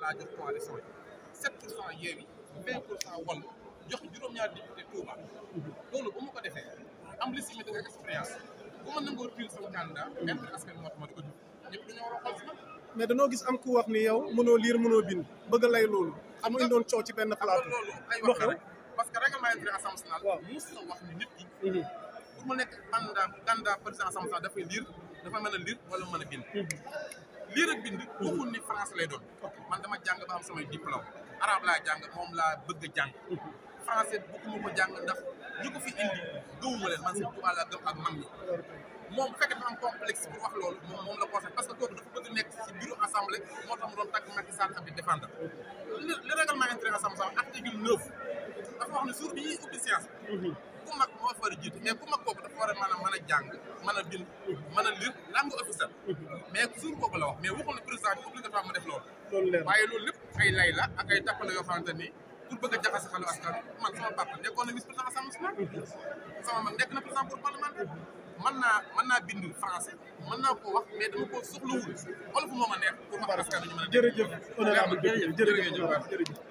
laa jox coalition yi sept pour cent Yewwi vingt pour cent Wallu jox juróom-ñaari député Touba loolu bu ma ko defee am lu si météo a expérience bu ma nangoo tuur sama a xool danoo gis am ku wax ni yow mënoo liir mënoo bind bëgg lay loolu am ñu doon coow ci benn plateau loolu ay wax parce que règlement intérieur assemblée nationale waaw mos mhm. mu nekk candidat candidat président assemblée nationale dafay liir dafa mën a liir wala mën a bind mhm. lii rek bind waxul ni France lay doon man dama jàng ba am samay diplôme arabe laa jàng moom laa bëgg a jàng français bëgguma ko jàng ndax ñu ko fi indi gëwuma leen man Sëñ Tuubaa laa gëm ak mag ñi moom bu am complexe pour wax loolu moom la conseil parce que kooku dafa bëgg nekk si bureau assemblée moo tax mu doon tàgg Macky Sall ak di défendre le règlement intérieur assemblée article neuf dafa wax ne jour bi ñuy ubbi séance jàng mën a bind mën a lire langue officielle mais toujours boobu la wax mais waxul na président bi obligatoire ma def loolu waaye loolu lépp ay lay la ak ay tappale yoo xamante ni pour bëgg a jaxase xelu askan man sama papa nekkoon na vice président assemblée nationale sama nekk na président pour parlementaire mën naa mën naa bind français mën naa ko wax mais dama ko soxlawul wolof moo ma neex pour ma askan ñu mën a jërëjëf honorable jërëjëf jërëjëf